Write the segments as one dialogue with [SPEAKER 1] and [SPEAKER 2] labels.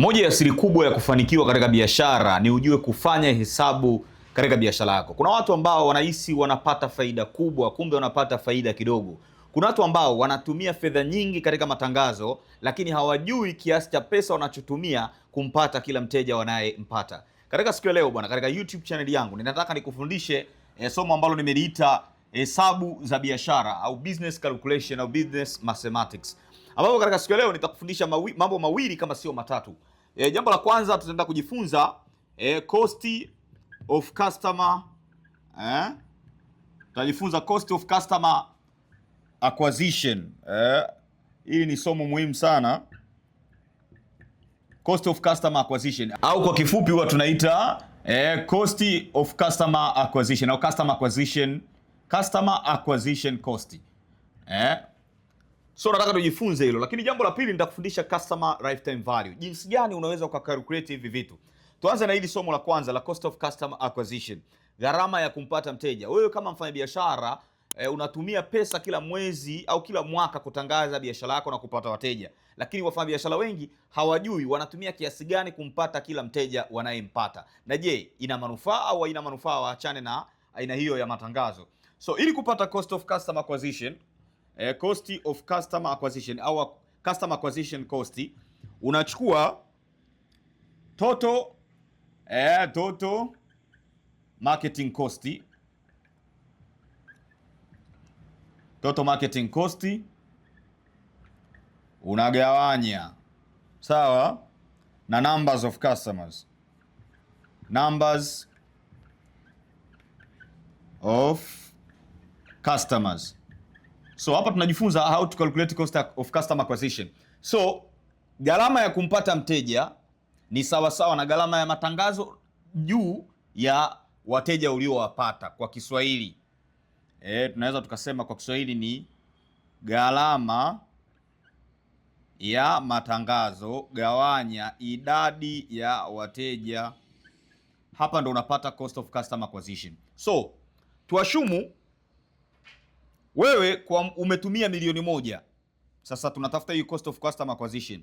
[SPEAKER 1] Moja ya siri kubwa ya kufanikiwa katika biashara ni ujue kufanya hesabu katika biashara yako. Kuna watu ambao wanahisi wanapata faida kubwa, kumbe wanapata faida kidogo. Kuna watu ambao wanatumia fedha nyingi katika matangazo, lakini hawajui kiasi cha pesa wanachotumia kumpata kila mteja wanayempata. Katika siku ya leo bwana, katika YouTube channel yangu ninataka nikufundishe eh, somo ambalo nimeliita hesabu za biashara au business calculation au business mathematics, ambapo katika siku ya leo nitakufundisha mawi, mambo mawili kama sio matatu E, jambo la kwanza tutaenda kujifunza e, cost of customer eh? Tutajifunza cost of customer acquisition eh? Hili ni somo muhimu sana, cost of customer acquisition au kwa kifupi huwa tunaita eh, cost of customer acquisition au customer acquisition, customer acquisition cost eh? So nataka tujifunze hilo, lakini jambo la pili nitakufundisha customer lifetime value, jinsi gani unaweza ukacalculate hivi vitu. Tuanze na hili somo la kwanza la cost of customer acquisition, gharama ya kumpata mteja. Wewe kama mfanyabiashara e, unatumia pesa kila mwezi au kila mwaka kutangaza biashara yako na kupata wateja, lakini wafanyabiashara wengi hawajui wanatumia kiasi gani kumpata kila mteja wanayempata, na je, ina manufaa au haina manufaa? Waachane na aina hiyo ya matangazo. So ili kupata cost of customer acquisition eh, cost of customer acquisition au customer acquisition cost unachukua total eh, total marketing cost total marketing cost unagawanya sawa na numbers of customers numbers of customers So hapa tunajifunza how to calculate cost of customer acquisition. So gharama ya kumpata mteja ni sawasawa na gharama ya matangazo juu ya wateja uliowapata. Kwa Kiswahili e, tunaweza tukasema kwa Kiswahili ni gharama ya matangazo gawanya idadi ya wateja. Hapa ndo unapata cost of customer acquisition. So tuashumu wewe kwa umetumia milioni moja, sasa tunatafuta hiyo cost of customer acquisition,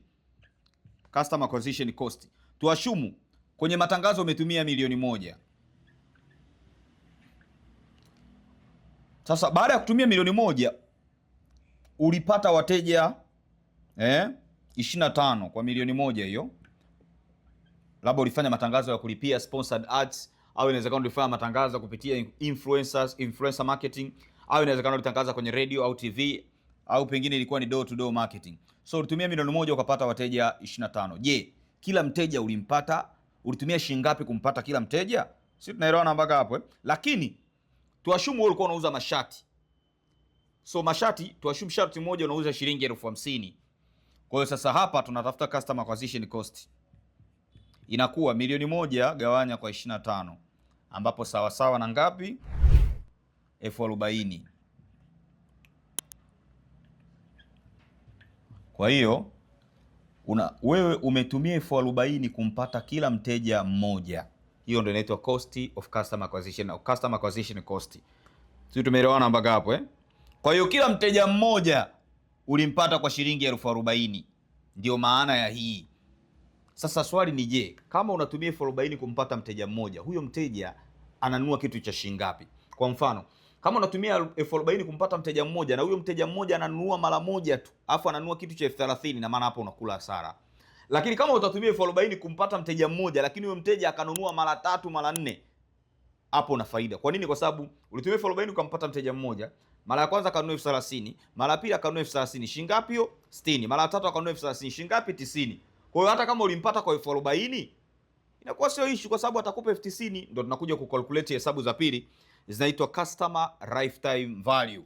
[SPEAKER 1] customer acquisition cost. Tuashumu kwenye matangazo umetumia milioni moja. Sasa baada ya kutumia milioni moja ulipata wateja eh, 25 kwa milioni moja hiyo, labda ulifanya matangazo ya kulipia sponsored ads, au inawezekana ulifanya matangazo kupitia influencers, influencer marketing au inawezekana ulitangaza kwenye radio au TV au pengine ilikuwa ni door to door marketing. So ulitumia milioni moja ukapata wateja 25. Je, kila mteja ulimpata? Ulitumia shilingi ngapi kumpata kila mteja? Si tunaelewana mpaka hapo eh? Lakini tuashumu wewe ulikuwa unauza mashati. So mashati tuashumu sharti moja unauza shilingi elfu hamsini. Kwa hiyo sasa hapa tunatafuta customer acquisition cost. Inakuwa milioni moja gawanya kwa 25 ambapo sawa sawa na ngapi? elfu arobaini. Kwa hiyo una wewe umetumia elfu arobaini kumpata kila mteja mmoja. Hiyo ndio inaitwa cost of customer acquisition au customer acquisition cost. Sisi tumeelewana mpaka hapo eh? Kwa hiyo kila mteja mmoja ulimpata kwa shilingi elfu arobaini. Ndio maana ya hii. Sasa swali ni je, kama unatumia elfu arobaini kumpata mteja mmoja, huyo mteja ananunua kitu cha shilingi ngapi? Kwa mfano kama unatumia elfu arobaini kumpata mteja mmoja na huyo mteja mmoja ananunua mara moja tu, afu ananunua kitu cha elfu thelathini na maana hapo unakula hasara. Lakini kama utatumia elfu arobaini kumpata mteja mmoja, lakini huyo mteja akanunua mara tatu, mara nne, hapo una faida. Kwa nini? Kwa sababu ulitumia elfu arobaini ukampata mteja mmoja, mara ya kwanza akanunua elfu thelathini mara ya pili akanunua elfu thelathini shilingi ngapi hiyo? Sitini. Mara ya tatu akanunua elfu thelathini shilingi ngapi? Tisini. Kwa hiyo hata kama ulimpata kwa elfu arobaini inakuwa sio ishu, kwa sababu atakupa elfu tisini. Ndo tunakuja kukalkuleti hesabu za pili zinaitwa customer lifetime value.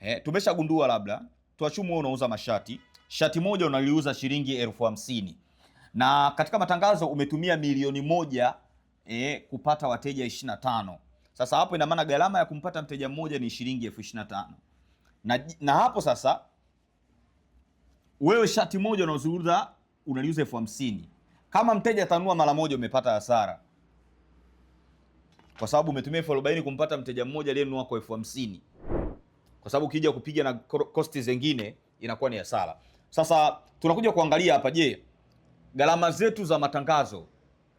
[SPEAKER 1] Eh, tumeshagundua labda tuachumu wewe unauza mashati, shati moja unaliuza shilingi elfu hamsini na katika matangazo umetumia milioni moja eh, kupata wateja 25. Sasa hapo ina maana gharama ya kumpata mteja mmoja ni shilingi elfu ishirini na na, hapo sasa wewe shati moja unauziuza unaliuza elfu hamsini kama mteja atanua mara moja umepata hasara kwa sababu umetumia elfu arobaini kumpata mteja mmoja aliyenunua kwa elfu hamsini kwa sababu ukija kupiga na kosti zingine inakuwa ni hasara. Sasa tunakuja kuangalia hapa, je, gharama zetu za matangazo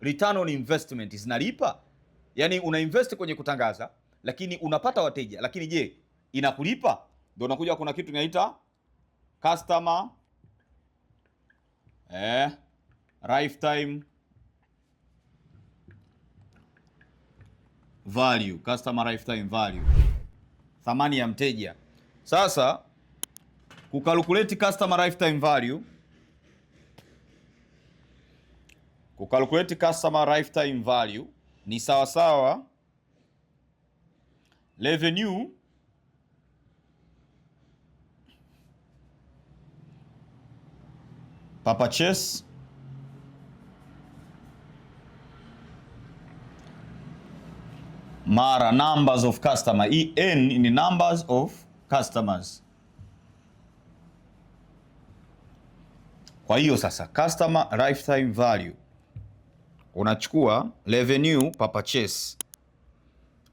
[SPEAKER 1] return on investment zinalipa? Yaani una invest kwenye kutangaza, lakini unapata wateja, lakini je, inakulipa? Ndio unakuja kuna kitu inaita customer eh, lifetime value, customer lifetime value, thamani ya mteja. Sasa kukalkulate customer lifetime value, kukalkulate customer lifetime value ni sawasawa revenue per purchase mara numbers of customer. Hii e, n ni numbers of customers. Kwa hiyo sasa customer lifetime value unachukua revenue per purchase.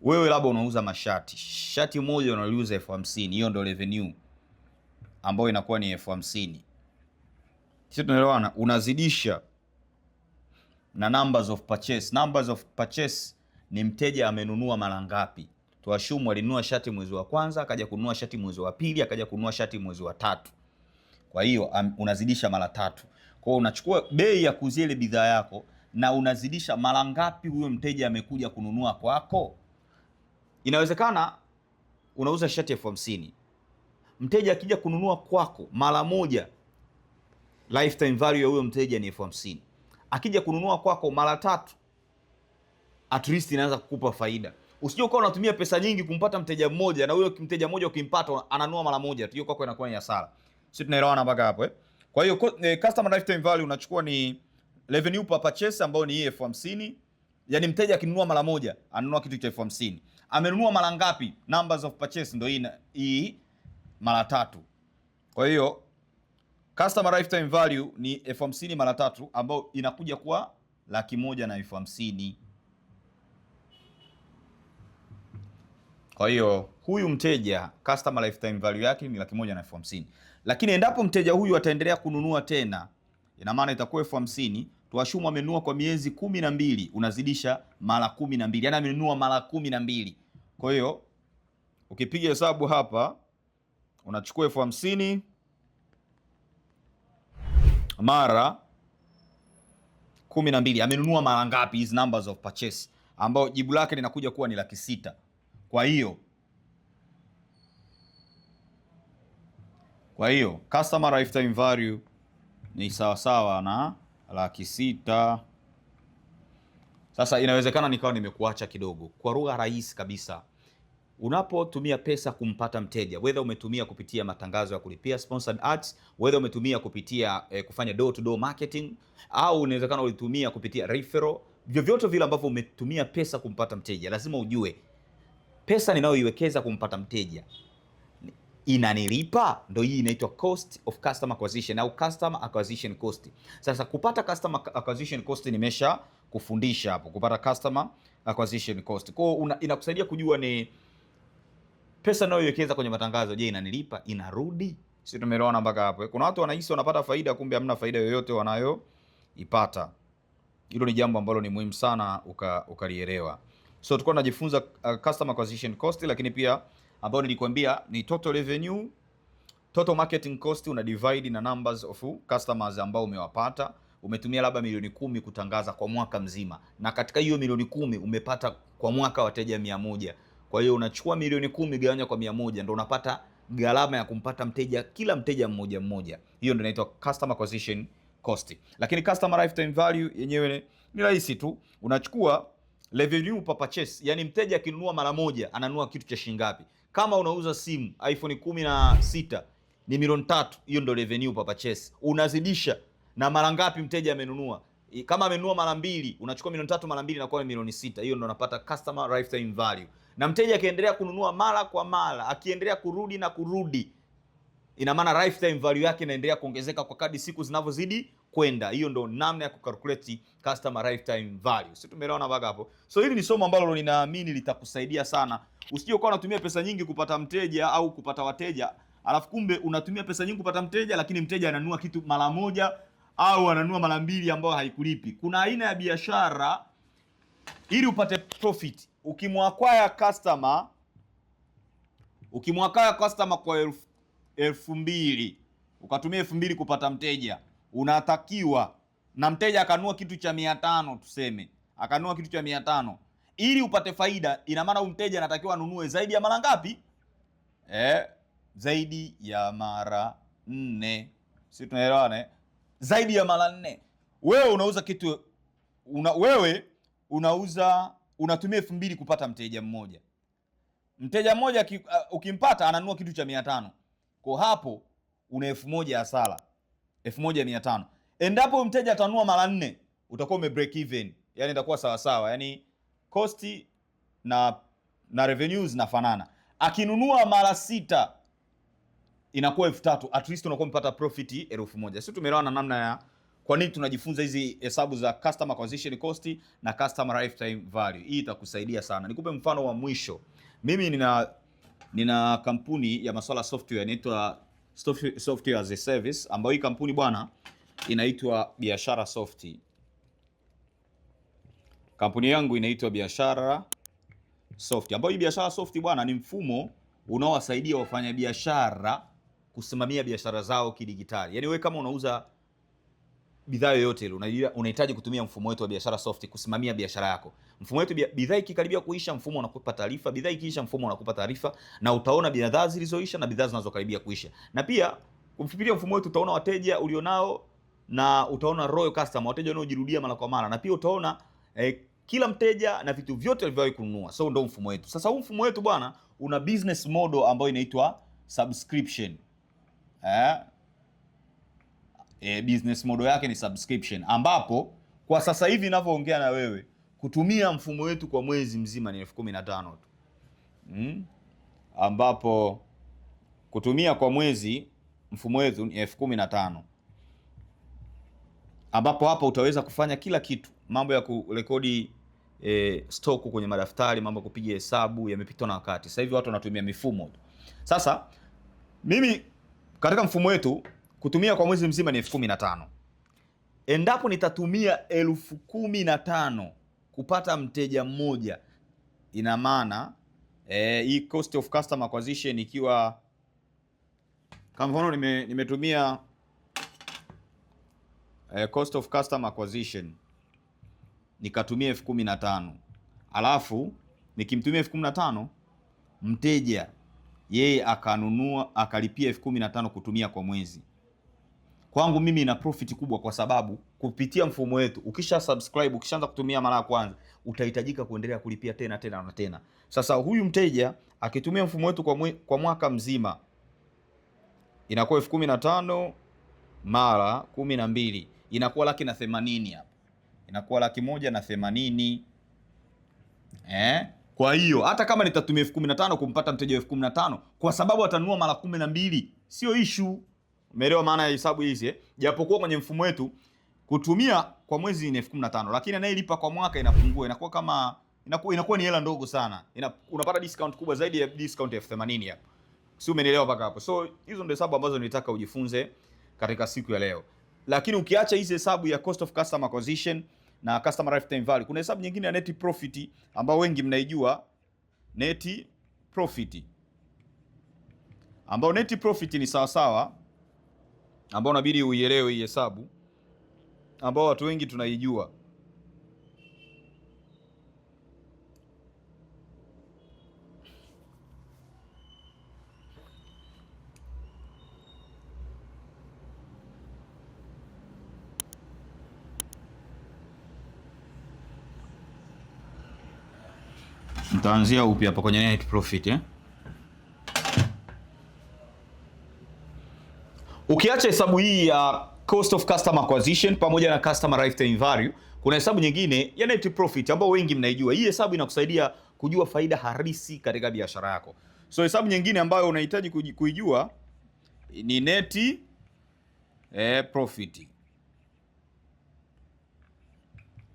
[SPEAKER 1] Wewe labda unauza mashati, shati moja unaliuza elfu hamsini, hiyo ndio revenue ambayo inakuwa ni elfu hamsini. Sisi tunaelewana, unazidisha na numbers of purchase. Numbers of purchase ni mteja amenunua mara ngapi. Tuashumu alinunua shati mwezi wa kwanza, akaja kununua shati mwezi wa pili, akaja kununua shati mwezi wa tatu. Kwa hiyo unazidisha mara tatu. Kwa hiyo unachukua bei ya kuuzia ile bidhaa yako na unazidisha mara ngapi huyo mteja amekuja kununua kwako. Inawezekana unauza shati elfu hamsini mteja akija kununua kwako mara moja, lifetime value ya huyo mteja ni elfu hamsini akija kununua kwako mara tatu at least inaanza kukupa faida. Usije ukawa unatumia pesa nyingi kumpata mteja mmoja, na huyo mteja mmoja ukimpata ananua mara moja tu, hiyo kwako inakuwa ni hasara. Sisi tunaelewana mpaka hapo eh? Kwa hiyo eh, customer lifetime value unachukua ni revenue per purchase ambayo ni elfu hamsini. Yaani mteja akinunua mara moja ananunua kitu cha elfu hamsini. Amenunua mara ngapi? Numbers of purchase ndio hii hii mara tatu. Kwa hiyo customer lifetime value ni elfu hamsini mara tatu ambayo inakuja kuwa laki moja na elfu hamsini. Kwa hiyo huyu mteja customer lifetime value yake ni laki moja na elfu hamsini, lakini endapo mteja huyu ataendelea kununua tena, ina maana itakuwa elfu hamsini tuashumu amenunua kwa miezi kumi na mbili, unazidisha mara kumi na mbili, yani amenunua mara kumi na mbili. Kwa hiyo ukipiga hesabu hapa unachukua elfu hamsini mara kumi na mbili, amenunua mara ngapi? Hizi numbers of purchase, ambayo jibu lake linakuja kuwa ni laki sita. Kwa hiyo kwa hiyo customer lifetime value ni sawasawa na laki sita. Sasa inawezekana nikawa nimekuacha kidogo. Kwa lugha rahisi kabisa, unapotumia pesa kumpata mteja, whether umetumia kupitia matangazo ya kulipia sponsored ads, whether umetumia kupitia eh, kufanya door to door marketing, au inawezekana ulitumia kupitia referral, vyovyote vile ambavyo umetumia pesa kumpata mteja, lazima ujue pesa ninayoiwekeza kumpata mteja inanilipa ndo hii inaitwa cost of customer acquisition au customer acquisition cost. Sasa kupata customer acquisition cost nimesha kufundisha hapo, kupata customer acquisition cost. Kwa hiyo inakusaidia kujua ni pesa inayoiwekeza kwenye matangazo, je, inanilipa? Inarudi? Si tumeelewana mpaka hapo? Kuna watu wanahisi wanapata faida, kumbe hamna faida yoyote wanayoipata. Hilo ni jambo ambalo ni muhimu sana ukalielewa uka So tulikuwa tunajifunza uh, customer acquisition cost, lakini pia ambayo nilikwambia ni total revenue, total marketing cost una divide na numbers of customers ambao umewapata. Umetumia labda milioni kumi kutangaza kwa mwaka mzima, na katika hiyo milioni kumi umepata kwa mwaka wateja mia moja. Kwa hiyo unachukua milioni kumi gawanya kwa mia moja ndio unapata gharama ya kumpata mteja kila mteja mmoja mmoja. Hiyo ndo inaitwa customer acquisition cost, lakini customer lifetime value yenyewe ni rahisi tu, unachukua revenue per purchase, yani mteja akinunua mara moja ananunua kitu cha shilingi ngapi? Kama unauza simu iPhone kumi na sita ni milioni tatu, hiyo ndio revenue per purchase. Unazidisha na mara ngapi mteja amenunua. Kama amenunua mara mbili, unachukua milioni tatu mara mbili, inakuwa milioni sita. Hiyo ndio unapata customer lifetime value, na mteja akiendelea kununua mara kwa mara, akiendelea kurudi na kurudi, ina maana lifetime value yake inaendelea kuongezeka kwa kadi siku zinavyozidi kwenda. Hiyo ndo namna ya kucalculate customer lifetime value, Sisi tumeelewana baga hapo? So hili ni somo ambalo ninaamini litakusaidia sana, usije ukawa unatumia pesa nyingi kupata mteja au kupata wateja, alafu kumbe unatumia pesa nyingi kupata mteja, lakini mteja ananua kitu mara moja au ananua mara mbili ambayo haikulipi. Kuna aina ya biashara, ili upate profit, ukimwakwaya customer ukimwakwaya customer kwa elfu mbili ukatumia elfu mbili kupata mteja unatakiwa na mteja akanua kitu cha mia tano tuseme, akanua kitu cha mia tano ili upate faida, ina maana huyu mteja anatakiwa anunue zaidi ya mara ngapi? Eh, zaidi ya mara nne. Sisi tunaelewana? Eh? Zaidi ya mara nne. Wewe unauza kitu una, wewe unauza unatumia elfu mbili kupata mteja mmoja. Mteja mmoja uh, ukimpata ananunua kitu cha mia tano, kwa hapo una elfu moja hasara. 1500. Endapo mteja atanua mara nne utakuwa ume break even, yani itakuwa sawa sawa, yani cost na na revenue zinafanana. Akinunua mara sita inakuwa elfu tatu. At least unakuwa umepata profit elfu moja. Sisi tumeelewana na namna ya kwa nini tunajifunza hizi hesabu za customer acquisition cost na customer lifetime value. Hii itakusaidia sana. Nikupe mfano wa mwisho. Mimi nina nina kampuni ya masuala software inaitwa software as a service, ambayo hii kampuni bwana inaitwa Biashara Soft. Kampuni yangu inaitwa Biashara Soft, ambayo hii Biashara Soft bwana ni mfumo unaowasaidia wafanyabiashara kusimamia biashara zao kidigitali. Yaani wewe kama unauza bidhaa yoyote ile unajua unahitaji kutumia mfumo wetu wa biashara soft kusimamia biashara yako. Mfumo wetu bidhaa ikikaribia kuisha, mfumo unakupa taarifa, bidhaa ikiisha, mfumo unakupa taarifa, na utaona bidhaa zilizoisha na bidhaa zinazokaribia kuisha. Na pia kumfikiria mfumo wetu, utaona wateja ulionao na utaona royal customer, wateja wanaojirudia mara kwa mara, na pia utaona eh, kila mteja na vitu vyote alivyowahi kununua. So ndio mfumo wetu. Sasa huu mfumo wetu bwana una business model ambayo inaitwa subscription eh e, business model yake ni subscription, ambapo kwa sasa hivi ninavyoongea na wewe kutumia mfumo wetu kwa mwezi mzima ni elfu kumi na tano tu mm? ambapo kutumia kwa mwezi mfumo wetu ni elfu kumi na tano ambapo hapo utaweza kufanya kila kitu, mambo ya kurekodi e, eh, stoku kwenye madaftari, mambo ya kupiga hesabu yamepitwa na wakati. Sasa hivi watu wanatumia mifumo Sasa mimi katika mfumo wetu kutumia kwa mwezi mzima ni elfu kumi na tano. Endapo nitatumia elfu kumi na tano kupata mteja mmoja, ina maana e, hii cost of customer acquisition ikiwa kwa mfano nime, nimetumia e, cost of customer acquisition nikatumia elfu kumi na tano alafu nikimtumia elfu kumi na tano mteja yeye akanunua akalipia elfu kumi na tano kutumia kwa mwezi kwangu mimi ina profit kubwa, kwa sababu kupitia mfumo wetu ukisha subscribe, ukishaanza kutumia mara ya kwanza, utahitajika kuendelea kulipia tena tena na tena. Sasa huyu mteja akitumia mfumo wetu kwa, mwe, kwa mwaka mzima inakuwa elfu kumi na tano mara kumi na mbili inakuwa laki na themanini hapa inakuwa laki moja na themanini eh? Kwa hiyo hata kama nitatumia elfu kumi na tano kumpata mteja elfu kumi na tano kwa sababu atanunua mara kumi na mbili, sio issue. Umeelewa maana ya hesabu hizi eh? Japokuwa kwenye mfumo wetu kutumia kwa mwezi ni elfu kumi na tano lakini anayelipa kwa mwaka inapungua, inakuwa kama inakuwa inakuwa ni hela ndogo sana. Ina, unapata discount kubwa zaidi ya discount elfu themanini hapo. Si umeelewa mpaka hapo? So hizo ndio hesabu ambazo nilitaka ujifunze katika siku ya leo. Lakini ukiacha hizi hesabu ya cost of customer acquisition na customer lifetime value, kuna hesabu nyingine ya net profit ambayo wengi mnaijua, net profit ambayo net profit ni sawa sawa ambao unabidi uielewe hii hesabu ambao watu wengi tunaijua. Nitaanzia upi hapa kwenye net profit eh? Ukiacha hesabu hii ya cost of customer acquisition pamoja na customer lifetime value, kuna hesabu nyingine ya net profit ambayo wengi mnaijua. Hii hesabu inakusaidia kujua faida halisi katika biashara yako. So hesabu nyingine ambayo unahitaji kuijua ni net eh, profit.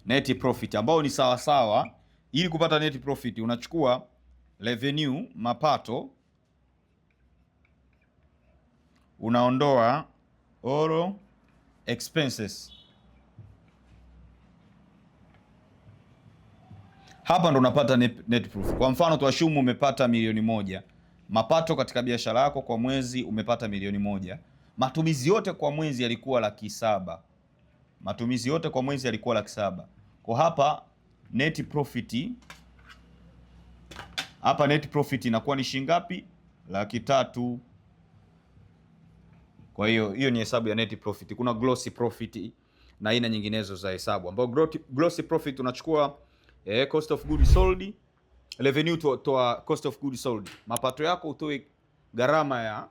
[SPEAKER 1] Net profit ambayo ni sawasawa, ili kupata net profit unachukua revenue, mapato unaondoa all expenses. Hapa ndo unapata net, proof. Kwa mfano tuashumu umepata milioni moja mapato katika biashara yako kwa mwezi umepata milioni moja. Matumizi yote kwa mwezi yalikuwa laki saba. Matumizi yote kwa mwezi yalikuwa laki saba. Kwa hapa net profit, hapa net profit inakuwa ni shilingi ngapi? Laki tatu. Kwa hiyo hiyo ni hesabu ya net profit. Kuna gross profit na aina nyinginezo za hesabu, ambayo gross profit unachukua eh, cost of goods sold, revenue to, to uh, cost of goods sold, mapato yako utoe gharama ya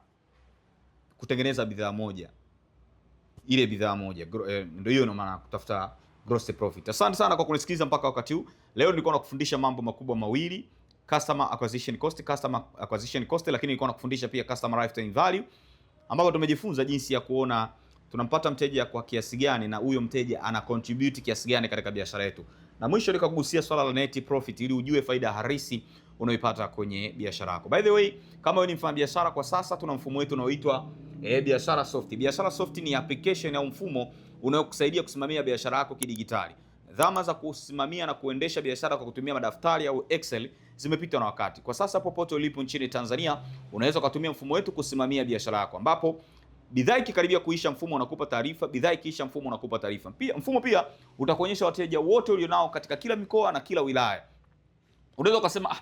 [SPEAKER 1] kutengeneza bidhaa moja, ile bidhaa moja eh, ndio hiyo ndio maana kutafuta gross profit. Asante sana kwa kunisikiliza mpaka wakati huu. Leo nilikuwa nakufundisha mambo makubwa mawili, customer acquisition cost, customer acquisition cost, lakini nilikuwa nakufundisha pia customer lifetime value ambapo tumejifunza jinsi ya kuona tunampata mteja kwa kiasi gani na huyo mteja ana contribute kiasi gani katika biashara yetu, na mwisho nikakugusia swala la net profit ili ujue faida halisi unaoipata kwenye biashara yako. By the way, kama wewe ni mfanyabiashara kwa sasa, tuna mfumo wetu unaoitwa E, biashara soft. Biashara soft ni application au mfumo unaokusaidia kusimamia biashara yako kidigitali. Dhama za kusimamia na kuendesha biashara kwa kutumia madaftari au Excel zimepitwa na wakati. Kwa sasa popote ulipo nchini Tanzania unaweza ukatumia mfumo wetu kusimamia biashara yako ambapo bidhaa ikikaribia kuisha mfumo unakupa taarifa, bidhaa ikiisha mfumo unakupa taarifa. Pia mfumo pia utakuonyesha wateja wote ulionao katika kila mikoa na kila wilaya. Unaweza ukasema ah,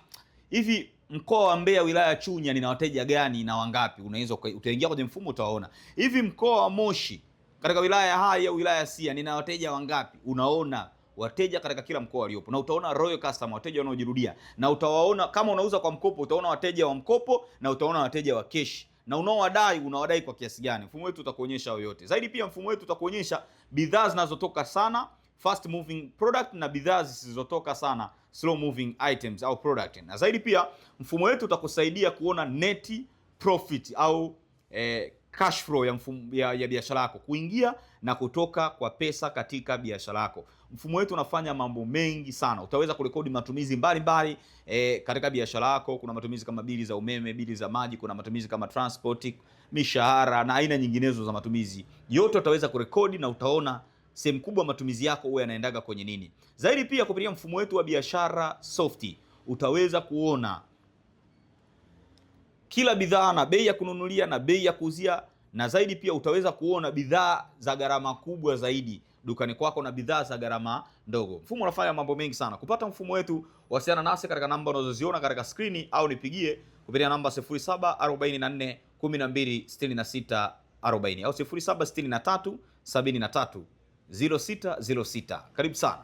[SPEAKER 1] hivi mkoa wa Mbeya wilaya ya Chunya nina wateja gani na wangapi? Unaweza utaingia kwenye mfumo utaona. Hivi mkoa wa Moshi katika wilaya ya Hai au wilaya ya Sia nina wateja wangapi? Unaona wateja katika kila mkoa waliopo, na utaona royal customer, wateja wanaojirudia, na utawaona kama unauza kwa mkopo, utaona wateja wa mkopo na utaona wateja wa cash na unaowadai unawadai kwa kiasi gani. Mfumo wetu utakuonyesha yote zaidi. Pia mfumo wetu utakuonyesha bidhaa zinazotoka sana fast moving product na bidhaa zisizotoka sana slow moving items au product, na zaidi pia mfumo wetu utakusaidia kuona net profit au eh, cash flow ya, mfumo ya, ya biashara yako, kuingia na kutoka kwa pesa katika biashara yako mfumo wetu unafanya mambo mengi sana. Utaweza kurekodi matumizi mbalimbali e, katika biashara yako. Kuna matumizi kama bili za umeme, bili za maji, kuna matumizi kama transport, mishahara na aina nyinginezo za matumizi. Yote utaweza kurekodi na utaona sehemu kubwa matumizi yako huwa yanaendaga kwenye nini. Zaidi pia kupitia mfumo wetu wa biashara soft utaweza kuona kila bidhaa na bei ya kununulia na bei ya kuuzia, na zaidi pia utaweza kuona bidhaa za gharama kubwa zaidi dukani kwako na bidhaa za gharama ndogo. Mfumo unafanya mambo mengi sana. Kupata mfumo wetu, wasiliana nasi katika namba unazoziona katika skrini au nipigie kupitia namba 0744 12 66 40 au 0763 73 0606. Karibu sana.